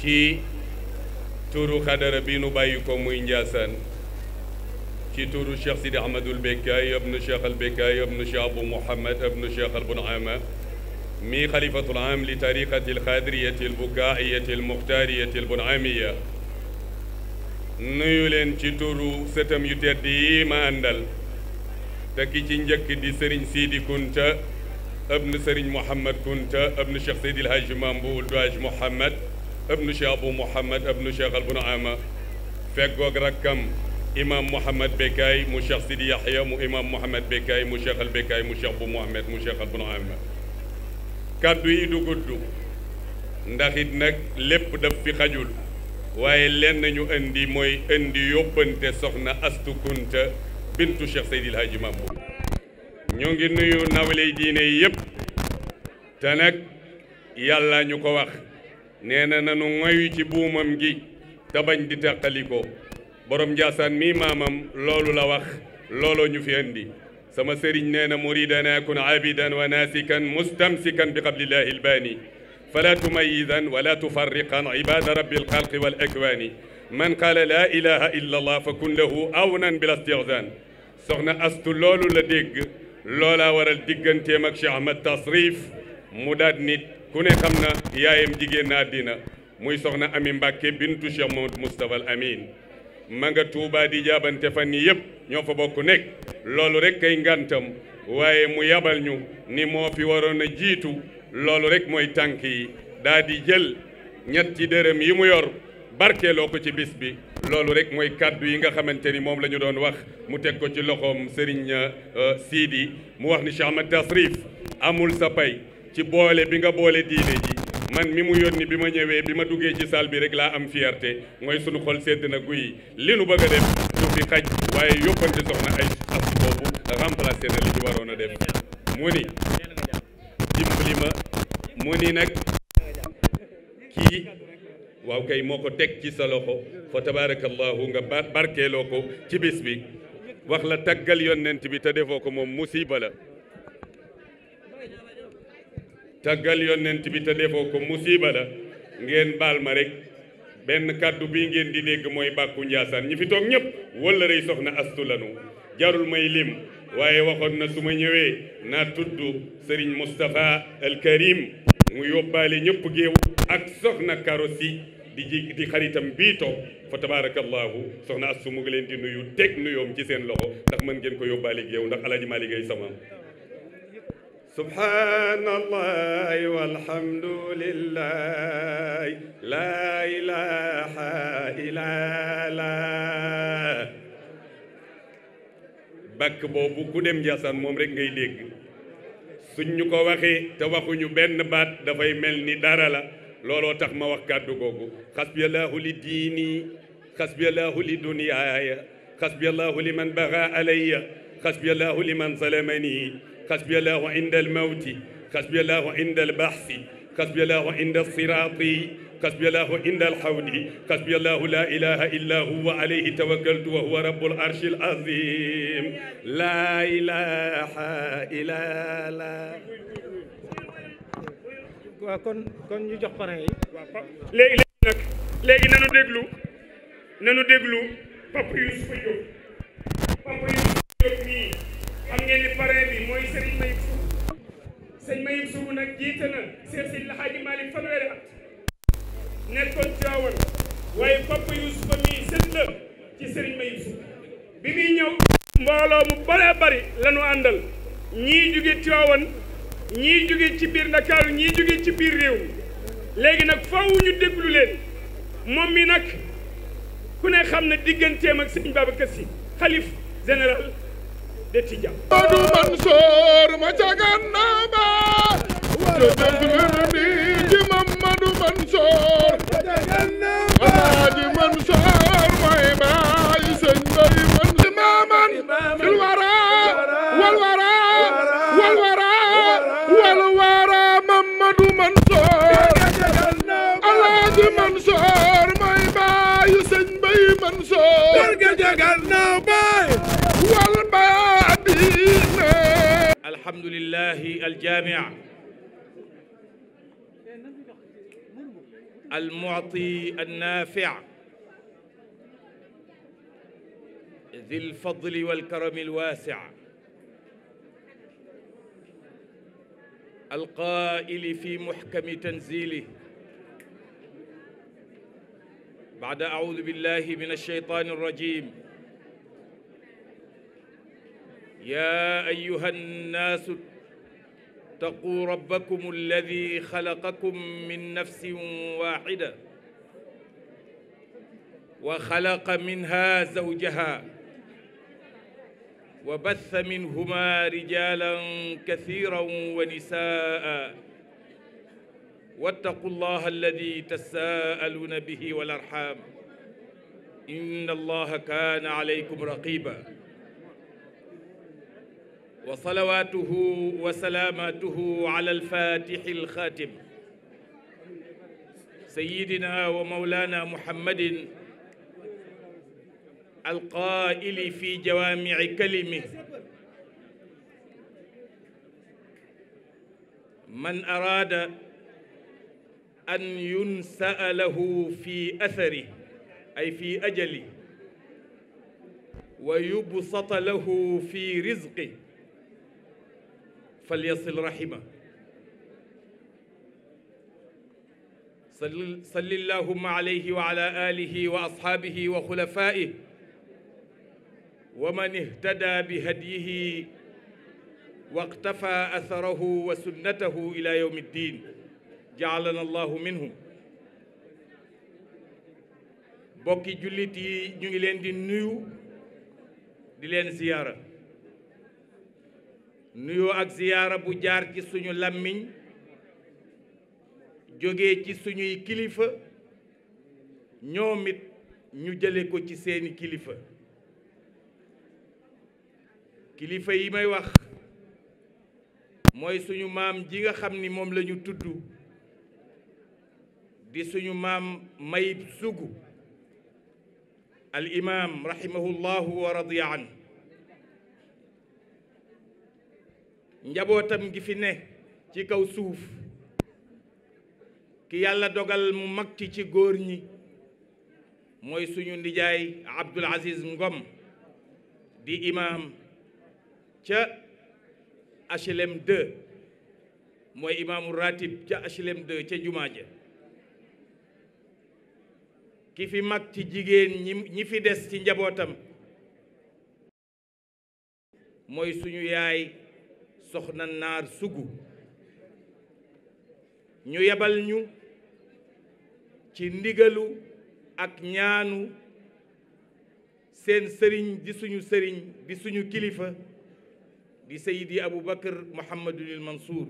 ci turu xadara bi nu bàyyi ko muy Njaasaan ci turu Cheikh Sidi Ahmadul Bekkaay ibnu Cheikh al Bekkaay ibnu Cheikh Abu Muhammad ibnu Cheikh al Bunaama mi xalifatul aam li tariqati al xaadiriyati al bukaaiyati al muxtaariyati al bunaamiya nuyu leen ci turu sëtam yu tedd yi ma àndal te ki ci njëkk di sëriñ Sidi Kunta ibnu sëriñ Muhammad Kunta ibnu Cheikh Seydi El Hadji Mamboul du Hadj Muhammad ibnu cheikh abou mouhamad ibnu cheikh albunaama feggoog rakkam imam mouhamad bekkaay mu cheikh sidi yahya mu imam mouhamad bekkaay mu cheikh al bekkaay mu cheikh bu mu cheikh albunaama kàddu yi du gudd ndax nag lépp daf fi xajul waaye lenn ñu indi mooy indi yóbbante soxna Astu bintu Cheikh Seydil Hadji Mamoun ñu ngi nuyu nawley diine yépp te nag yàlla ñu ko wax nee na nanu ci buumam gi te bañ di teqalikoo borom njaasaan mii maamam loolu la wax looloo ñu fi indi sama sëriñ nee na muridan akun abidan wa naasikan mustamsikan bi qablillahi ilbaani fala tumayidan wala tufarriqan ibada rabbi alxalqi wal akwaani man qaala laa ilaha illa allah fa kun lahu awnan bil istixzaan soxna astu loolu la dégg loolaa waral digganteem ak Cheikh Ahmad tasrif mu nit ku ne xam na yaayam jigéen na àddina muy soxna ami Mbàkke bintu Cheikh Mamadou Moustapha Al Amin ma nga Tuubaa di jaabante fan yi yëpp ñoo fa bokk nekk loolu rek kay ngàntam waaye mu yabal ñu ni moo fi waroon a jiitu loolu rek mooy tànk yi daa di jël ñetti dërëm yi mu yor barkeeloo ko ci bis bi loolu rek mooy kàddu yi nga xamante ni moom la ñu doon wax mu teg ko ci loxoom sëriñ euh, Sidi mu wax ni Cheikh Ahmad Tasrif amul sa pay ci boole bi nga boole diine ji man mi mu yónni bi ma ñëwee bi ma duggee ci saal bi rek laa am fierté mooy sunu xol sedd na guy li nu bëgg def du fi xaj waaye yóbbante soxna ay as boobu remplacé na li ñu waroon a def mu ni dimbali ma mu ni nag kii waaw kay moo ko teg ci sa loxo fa tabarakallahu nga barkeeloo ko ci bis bi wax la taggal yonent bi te defoo ko moom musiba la taggal yonent bi te defoo ko musiba la ngeen baal ma rek benn kàddu bii ngeen di dégg mooy bàkku njaasaan ñi fi toog ñëpp wala rey soxna astu lanu jarul may lim waaye waxoon na su ma ñëwee naa tudd sëriñ Moustapha al mu yóbbaale ñëpp géew ak soxna si di ji di xaritam bii toog fa tabarakallahu soxna astu mu ngi leen di nuyu teg nuyoom ci seen loxo ndax mën ngeen ko yóbbaale géew ndax alaaji Maalik Gay sama سبحان الله والحمد لله لا إله إلا الله bàkk ku dem Njaasaan moom rek ngay dégg suñ ñu ko waxee te waxuñu benn baat dafay mel ni dara la looloo tax ma wax kàddu googu xasbiyallaahu li diini xasbiyallaahu li duniyaaya xasbiyallaahu li man baxa alayya xasbiyallaahu li man salamani حسبي الله عند الموت حسبي الله عند البحث حسبي الله عند الصراط حسبي الله عند الحوض حسبي الله لا إله إلا هو عليه توكلت وهو رب العرش العظيم لا إله إلا الله waaw kon kon ñu jox parrain yi léegi léegi nag léegi nanu déglu nanu déglu Papa Youssoufa Diop Papa Youssoufa Diop mii xam ngeen ni parrain bi mooy Serigne Mayib Sougou nag jiite na Seex Seydi El Hadji Malick nekkoon Tiwaawan waaye papa Youssoufa mii sët la ci Serigne Mayib bi muy ñëw mbooloo mu bëree bëri lañu àndal ñii jóge Tiwaawan ñii jóge ci biir Ndakaaru ñii jóge ci biir réew mi léegi nag faw ñu déglu leen moom mi nag ku ne xam ne digganteem ak sëñ Babacar Sy xalif général de Tidja. Modou ma ca ba. wala wala ci Mamadou ma ca gànnaaw ba. Alaaji Mansour mooy baay sëñ bay man. imaaman fil wara wal wara wal wara wal wara Mamadou Mansour. Alaaji Mansour mooy baay الحمد لله الجامع المعطي النافع ذي الفضل والكرم الواسع القائل في محكم تنزيله بعد أعوذ بالله من الشيطان الرجيم يا أيها الناس اتقوا ربكم الذي خلقكم من نفس واحدة وخلق منها زوجها وبث منهما رجالا كثيرا ونساء واتقوا الله الذي تساءلون به والأرحام إن الله كان عليكم رقيباً wa salawaatuhu wa salaamaatuhu ala alfaatixi alxaatim sayyidina wa mawlaana muhammadin alqaa'ili fi jawaamici kalimihi man araada an yunsa'a lahu fi atharihi ay fi ajalihi wa yubsata lahu fi rizqihi falyasil rahima salli llahumma alayhi wa ala alihi wa ashaabihi wa xulafaa'ihi wa man ihtada bi hadyihi waqtafa atharahu wa sunnatahu ila yawmi ddin jaalana allahu minhum bokki jullit yi ñu ngi leen di nuyu di leen ziyaara nuyoo ak ziyaara bu jaar ci suñu làmmiñ jóge ci suñuy kilifa ñoom it ñu jële ko ci seeni kilifa kilifa yi may wax mooy suñu maam ji nga xam ni moom lañu tudd di suñu maam Mayib Sougou al imaam rahimahullahu wa radiya njabootam gi fi ne ci kaw suuf ki yàlla dogal mu mag ci ci góor ñi mooy suñu ndijaay Abdul Aziz Ngom di imaam ca HLM 2 mooy imaamu ratib ca HLM 2 ca jumaa ja ki fi mag ci jigéen ñi ñi fi des ci njabootam mooy suñu yaay soxna naar sugu ñu yebal ñu ci ndigalu ak ñaanu seen sëriñ di suñu sëriñ di suñu kilifa di sayidi abou bakar mouhamadunil mansour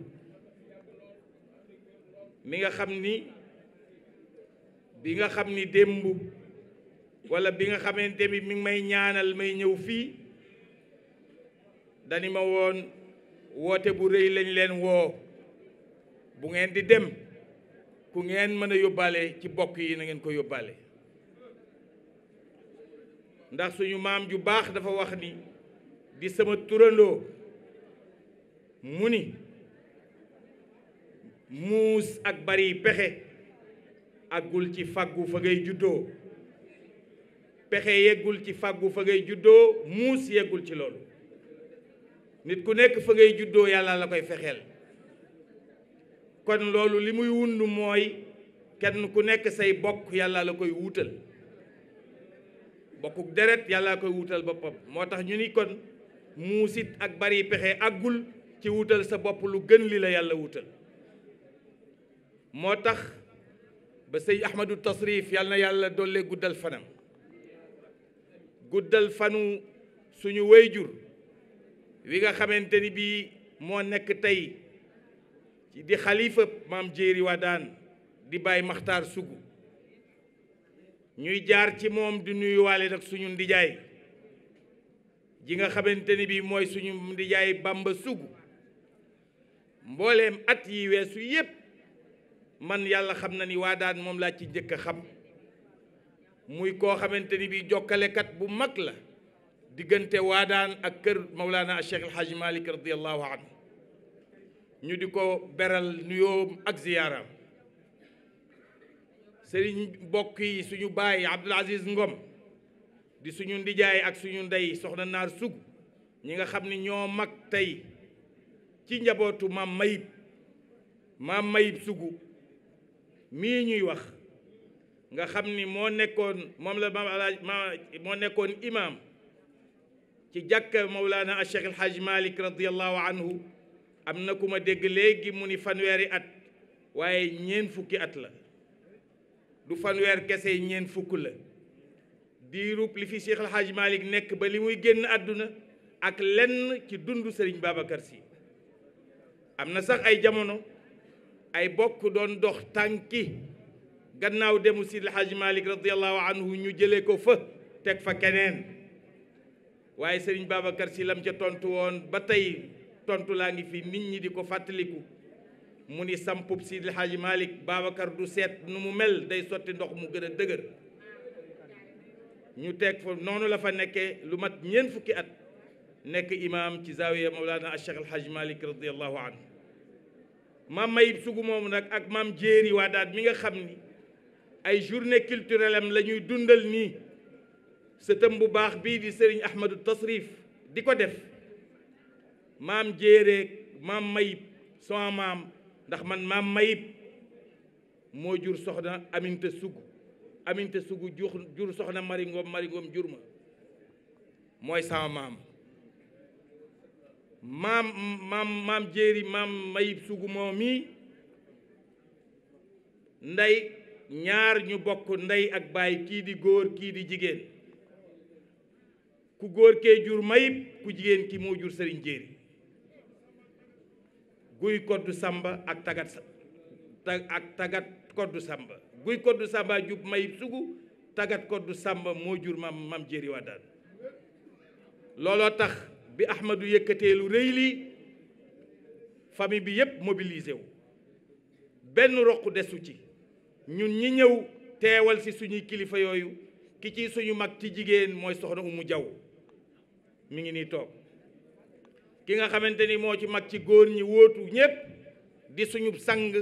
mi nga xam ni bi nga xam ni démb walla bi nga xamante bi mi may ñaanal may ñëw fii dani ma woon woote bu rëy lañ leen woo bu ngeen di dem ku ngeen mën a yóbbaale ci bokk yi na ngeen ko yóbbaale ndax suñu maam ju baax dafa wax ni di sama turaloo mu ni muus ak bari pexe àggul ci fàggu fa ngay juddoo pexe yeggul ci fàggu fa ngay juddoo muus yeggul ci loolu nit ku nekk fa ngay juddoo yàlla la koy fexeel kon loolu li muy wund mooy kenn ku nekk say bokk yàlla la koy wuutal bokkuk deret yàlla koy wuutal boppam moo tax ñu ni kon muusit ak bari pexe àggul ci wuutal sa bopp lu gën li la yàlla wutal moo tax ba sëy ahmadu tasrif yàlla na yàlla dolle guddal fanam guddal fanu suñu wayjur wi nga xamante ni bii moo nekk tey ci di xalifa maam jéeri Wadaan di Baye Makhtar Sougou ñuy jaar ci moom di nuyuwaale nag suñu ndijaay ji nga xamante ni bii mooy suñu ndijaay Bamba Sougou mbooleem at yi weesu yépp man yàlla xam na ni Wadaan moom laa ci njëkk a xam muy koo xamante ni bii jokkalekat bu mag la diggante waadaan ak kër Mawlana Cheikh El Hadj Malick radiyallahu anhu ñu di ko beral nuyoom ak ziyaaram sëriñ mbokk yi suñu baay Abdoul Aziz Ngom di suñu ndijaay ak suñu ndey soxna naar sug ñi nga xam ni ñoo mag tey ci njabootu maam mayib maam mayib sugu mii ñuy wax nga xam ni moo nekkoon moom la maam moo nekkoon imaam ci jàkka Mawlana Cheikh El Hadj Malick radiyallahu anhu am na ku ma dégg léegi mu ni fanweeri at waaye ñeent fukki at la du fanweer kese ñeent fukk la diirub li fi Cheikh El Hadj Malick nekk ba li muy génn àdduna ak lenn ci dundu Serigne Babacar Sy am na sax ay jamono ay bokk doon dox tànki gannaaw demu Seydi El Hadj Malick anhu ñu jëlee ko fa teg fa keneen. waaye sëriñ Babacar si lam ca tontu woon ba tey tontu laa ngi fi nit ñi di ko fàttaliku mu ni sampub Sidi Hadji Malick Babacar du seet nu mu mel day sotti ndox mu gën a dëgër ñu teg fa noonu la fa nekkee lu mat ñeent fukki at nekk imaam ci zaawiya Mawlana Cheikh El Hadji Malick radiyallahu anhu maam Mayib Sugu moomu nag ak maam Jéeri Wadaat mi nga xam ni ay journée culturelle lañuy dundal nii sëtëm bu baax bii di sëriñ ahmadu tasrif di ko def maam jéeréeg maam mayib sama maam ndax man maam mayib moo jur soxna aminte sugu aminte sugu jur soxna maringoom maringoom jur mooy sama maam maam maam maam jéeri maam mayib sugu moom mii ndey ñaar ñu bokk ndey ak baay kii di góor kii di jigéen ku góor kee jur mayib ku jigéen ki moo jur sëriñ jéeri guy kodd samba ak tagat ak tagat koddu samba guy koddu samba jub mayib sugu tagat koddu sàmba moo jur mam mam jéeri waddaan looloo tax bi ahmadu yëkkatee lu rëy li famille bi yépp mobilisé wu benn roq desu ci ñun ñi ñëw teewal si suñuy kilifa yooyu ki ci suñu mag ci jigéen mooy soxna Umu Jaw mi ngi nii toog ki nga xamante ni moo ci mag ci góor ñi wóotu ñépp di suñu sang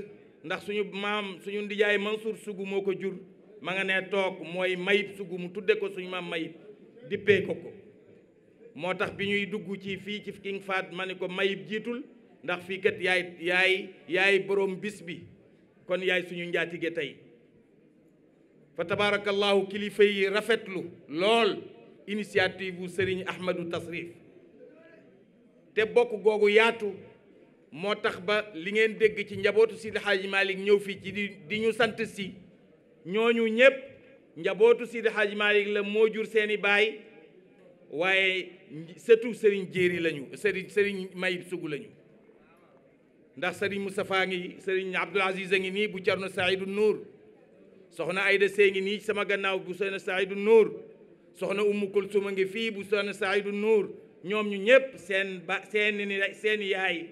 ndax suñu maam suñu ndijaay Mansour Sougou moo ko jur ma nga ne toog mooy Mayib Sougou mu tudde ko suñu maam Mayib dippee ko ko moo tax bi ñuy dugg ci fii ci King Fahd ma ne ko Mayib jiitul ndax fii kat yaay yaay yaay boroom bis bi kon yaay suñu njaatige tey fa tabaarakallaahu kilifa yi rafetlu lool initiative bu Serigne Ahmadou Tasrif te bokk googu yaatu moo tax ba li ngeen dégg ci njabootu Sidi Hadji ñëw fii ci di ñu sant si ñooñu ñépp njabootu Sidi Hadji Malick la moo jur seeni baay waaye sëtu sëriñ Jéeri lañu sëriñ sëriñ may Sugu lañu ndax sëriñ Moustapha ngi Serigne Abdoul Aziz a ngi nii bu Cerno Saïdou Nour soxna Ayda Sey ngi nii sama gannaaw bu Soxna Saïdou Nour soxna Umu Kulsum a ngi fii bu soxna Saidu Nuur ñoom ñu ñëpp seen ba seen ni seen yaay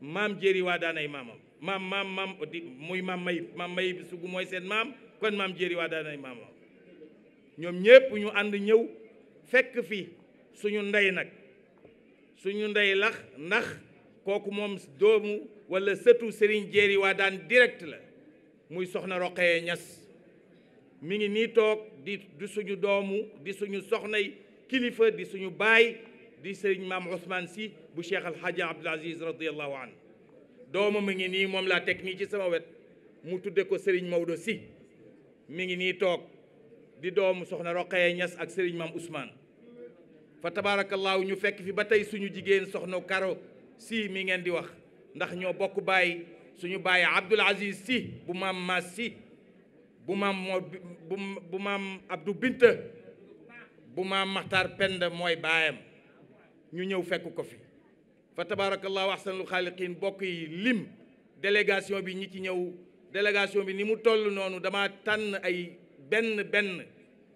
maam jéeri waa daanay maamam maam maam maam di muy maam mayib maam mayib sugu mooy seen maam kon maam jéeri waa daanay maamam ñoom ñëpp ñu ànd ñëw fekk fi suñu ndey nag suñu ndey lax ndax kooku moom doomu walla sëtu Serigne jéeri waa daan direct la muy soxna Roqaya Ñas mi ngi nii toog di suñu doomu di suñu soxna kilifa di suñu baay di sëriñ maam Ousmane si bu Cheikh Al Hadj Abdoul Aziz radiyallahu an doomu mi ngi nii moom laa teg nii ci sama wet mu tudde ko sëriñ Maodo si mi ngi nii toog di doomu soxna Roqaya Ñas ak sëriñ maam Ousmane fa tabaarakallaahu ñu fekk fi ba tey suñu jigéen soxna Karo si mi ngeen di wax ndax ñoo bokk baay suñu baay Abdoul Aziz si bu maam Maas si bu maam moo bu maam Abdou Binta bu maam Maxtaar Penda mooy baayam ñu ñëw fekk ko fi fa tabarakallahu ahsanul xaaliqin bokk yi lim délégation bi ñu ci ñëw délégation bi ni mu toll noonu dama tànn ay benn benn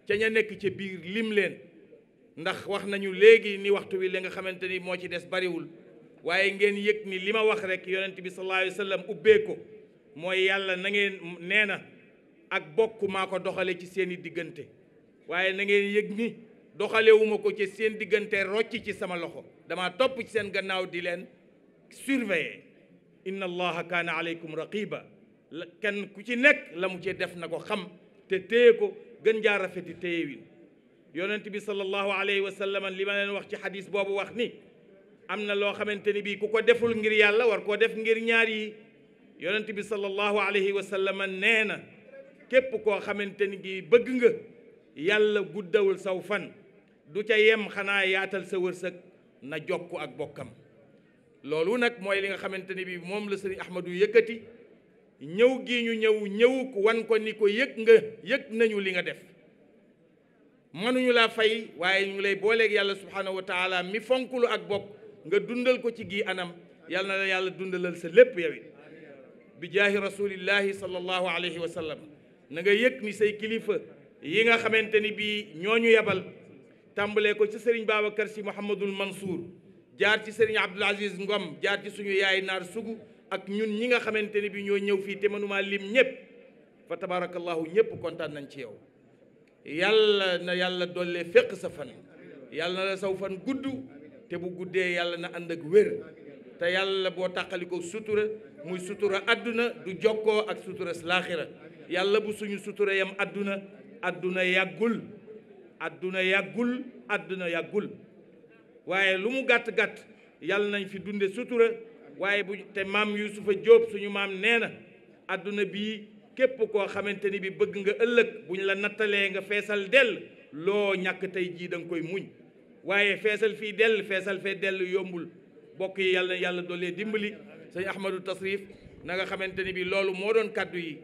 ca ña nekk ca biir lim leen ndax wax nañu léegi ni waxtu wi li nga xamante ni moo ci des bariwul waaye ngeen yëg ni li ma wax rek yonent bi sallallahu alayhi wa sallam mooy yàlla na ngeen nee na ak bokk maa ko doxale ci seeni diggante waaye na ngeen yëg ni doxalewuma ko ci seen diggante rocc ci sama loxo dama topp ci seen gannaaw di leen surveiller inna allaha kaana aleykum raqiba kenn ku ci nekk la mu ci def na ko xam te téye ko gën jaa rafeti téyewin yonent bi sallallahu alayhi wa sallam li ma leen wax ci xadis boobu wax ni am na loo xamante ni bii ku ko deful ngir yàlla war koo def ngir ñaar yi yonent bi sallallahu alayhi wa sallam nee na képp koo xamante ni gi bëgg nga yàlla guddawul saw fan du ca yem xanaa yaatal sa wërsëg na jokk ak bokkam loolu nag mooy li nga xamante ni bi moom la sëriñ Ahmadu yëkkati ñëw gi ñu ñëw ñëw wan ko ni ko yëg nga yëg nañu li nga def mënuñu laa fay waaye ñu lay booleek yàlla subhaanahu wa mi fonk fonkulu ak bokk nga dundal ko ci gii anam yàlla na la yàlla dundalal sa lépp yow it bi jaahi rasulillahi sallallahu alayhi wa sallam na nga yëg ni say kilifa yi nga xamante ni bii ñu yebal tàmbalee ko ci sëriñ Babacar si Mouhamadul Mansour jaar ci sëriñ Abdoul Aziz Ngom jaar ci suñu yaay naar sugu ak ñun ñi nga xamante ni bi ñoo ñëw fii te mënuma lim ñëpp fa tabarakallahu ñëpp kontaan nañ ci yow yàlla na yàlla dollee féq sa fan yàlla na la saw fan gudd te bu guddee yàlla na ànd ak wér te yàlla boo tàqalikoo sutura muy sutura àdduna du jokkoo ak sutura laaxira yàlla bu suñu sutura àdduna àdduna yàggul àdduna yàggul àdduna yàggul waaye lu mu gàtt gàtt yàlla nañ fi dunde sutura waaye bu te maam Yuusufa Jóob suñu maam nee na àdduna bii képp koo xamante ni bi bëgg nga ëllëg buñ la nattalee nga feesal dell loo ñàkk tey jii danga koy muñ waaye feesal fii dell feesal fee dell yombul bokk yi yàlla yàlla doolee dimbali sëñ Ahmadou Tasrif na nga xamante ni bi loolu moo doon kàddu yi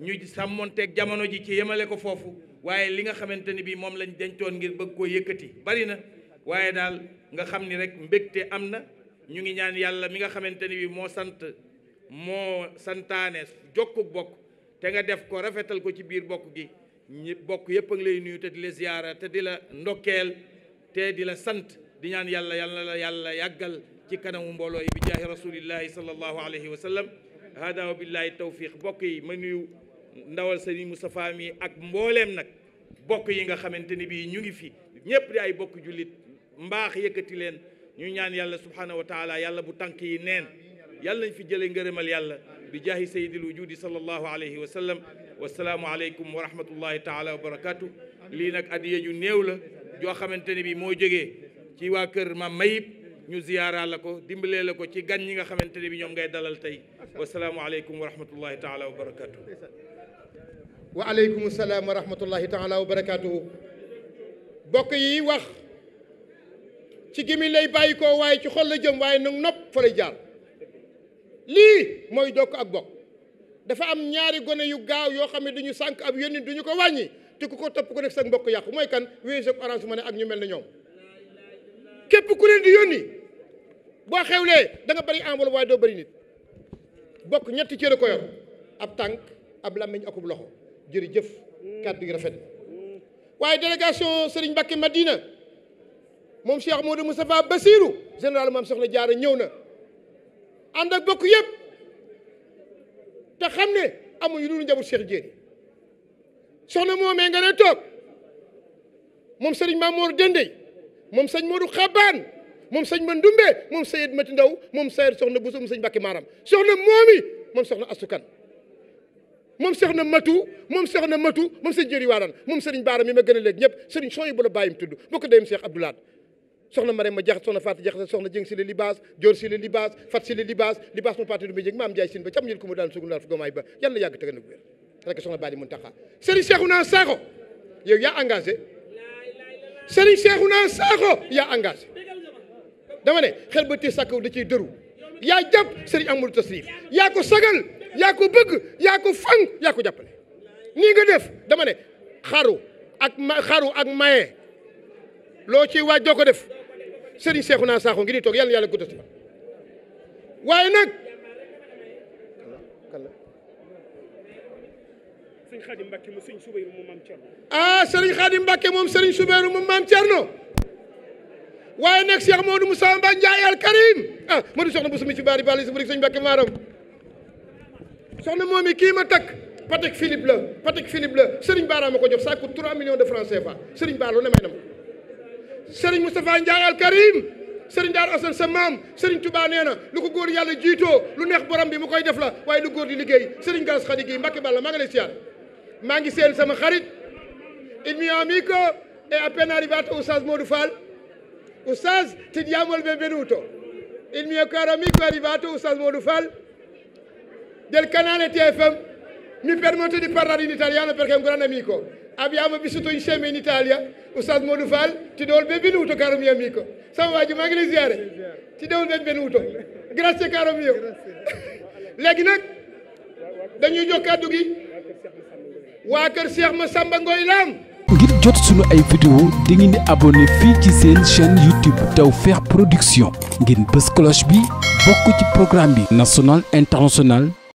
ñu sàmmonteeg jamono ji ci yemale ko foofu waaye li nga xamante ni bii moom lañ dencoon ngir bëgg koo yëkkati bari na waaye daal nga xam ni rek mbégte am na ñu ngi ñaan yàlla mi nga xamante ni bii moo sant moo santaane jokku bokk te nga def ko rafetal ko ci biir bokk gi ñi bokk yëpp a ngi lay nuyu te di la ziyaara te di la ndokkeel te di la sant di ñaan yàlla yàlla la yàlla yàggal ci kanamu mbooloo yi bi jaahi rasulillahi alayhi wa sallam hada ndawal sëriñ Moustapha mi ak mbooleem nag bokk yi nga xamante ni bii ñu ngi fi ñëpp di ay bokk jullit mbaax yëkkati leen ñu ñaan yàlla subhanahu wa taala yàlla bu tànk yi neen yàlla nañ fi jële ngërëmal yàlla bi jaahi sayyidil wujudi sallallahu alayhi wa sallam wasalaamu aleykum wa rahmatullahi taala wa barakatu lii nag adiya ju néew la joo xamante ni bii moo jóge ci waa kër ma mayib ñu ziyaara la ko dimbalee la ko ci gan ñi nga xamante ne bi ñoom ngay dalal tey wasalaamu aleykum wa rahmatullahi taala wa barakatu wa aleykum salaam wa rahmatullahi taala wa barakaatuhu bokk yi wax ci gémmiñ lay bàyyi koo waaye ci xol la jëm waaye nag nopp fa lay jaar lii mooy dokk ak bokk dafa am ñaari gone yu gaaw yoo xam ne duñu sànq ab yónni duñu ko wàññi te ku ko topp ko nekk sa mbokk yàqu mooy kan wéesu ak Orange ak ñu mel ne ñoom képp ku leen di yónni boo xewlee da nga bëri enveloppe waaye doo bëri nit bokk ñetti cër ko ab tànk ab làmmiñ akub loxo jërëjëf kàddu yi rafet waaye délégation Serigne Mbacké Madina moom Cheikh Modou Moustapha Bassirou général Mame Sokhna Diarra ñëw na ànd ak bokk yëpp te xam ne amuñu lu ñu njabootu Cheikh Diène soxna moomee nga ne toog moom Serigne Mamour Dendey moom sëñ Modou Xabaan moom sëñ Ma Ndumbe moom Seyed Mati Ndaw moom Seyed soxna Bousso moom sëñ Mbacké Maram soxna moomi moom soxna Asukan moom soxna matu moom soxna matu moom sëñ jëri waaraan moom sëriñ baara mi ma gën a léeg ñëpp sëriñ sooy bu la bàyyim tudd bokk dayem Cheikh Abdoulaat soxna mare ma jaxat soxna faati jaxat soxna jëng si la libaas joor si la libaas fat si la libaas libaas mu paati du ma jëg maam jaay sin ba cam ñil ko mu daan sugu daal fa gomaay ba yàlla yàgg tëgg na wér rek soxna Bali Muntaxa sëriñ Seexuna Saaxo yow yaa engagé sëriñ Seexuna Saaxo yaa engagé dama ne xel ba tee sàkkaw da ciy dëru yaa jàpp sëriñ amul tasrif yaa ko sagal yaa ko bëgg yaa ko fang yaa ko jàppale nii nga def dama ne xaru ak ma xaru ak maye loo ciy waaj doo ko def Serigne Cheikhouna Sakho ngi di toog yàlla yàlla guddati waaye nag ah Serigne Khadim Mbacke moom Serigne Soubeyru moom maam Thierno waaye nag Cheikh Modou Moussa Mba Ndiaye al Karim ah Modou soxna bu sumi ci baari bali si bu rik sëñ Mbacke maaram xam soxna moom yi kii ma takk Patek Philippe la Patek Philippe la Serigne Bara ma ko jox ça coûte 3 millions de francs CFA Serigne Bara lu ne may na ma Serigne Moustapha Ndiaye Al Daar Assane sa maam Serigne Touba na lu ko góor yàlla jiitoo lu neex borom bi mu koy def la waaye lu góor di liggéey Serigne Gass Khady Guèye Mbacké Balla maa ngi lay siyaar maa ngi seen sama xarit il m'est ami que est à peine arrivé à Oustaz Modou Fall Oustaz ti diamo benvenuto il mio caro del canale TFM mi permetto di parlare in italiano perché è un grande amico. Abbiamo vissuto insieme in Italia, Ustaz Modu Fall, ti do il benvenuto caro mio amico. Salve Aji maa ngi lay ziare ti do il benvenuto grazie caro mio léegi nag dañuy jox kàddu gi waa kër Cheikh Massamba Ngoy Lam ngir jot sunu ay vidéo di ngeen di abonné fii ci seen chaîne YouTube Tawfekh Production ngeen bës cloche bi bokk ci programme bi national international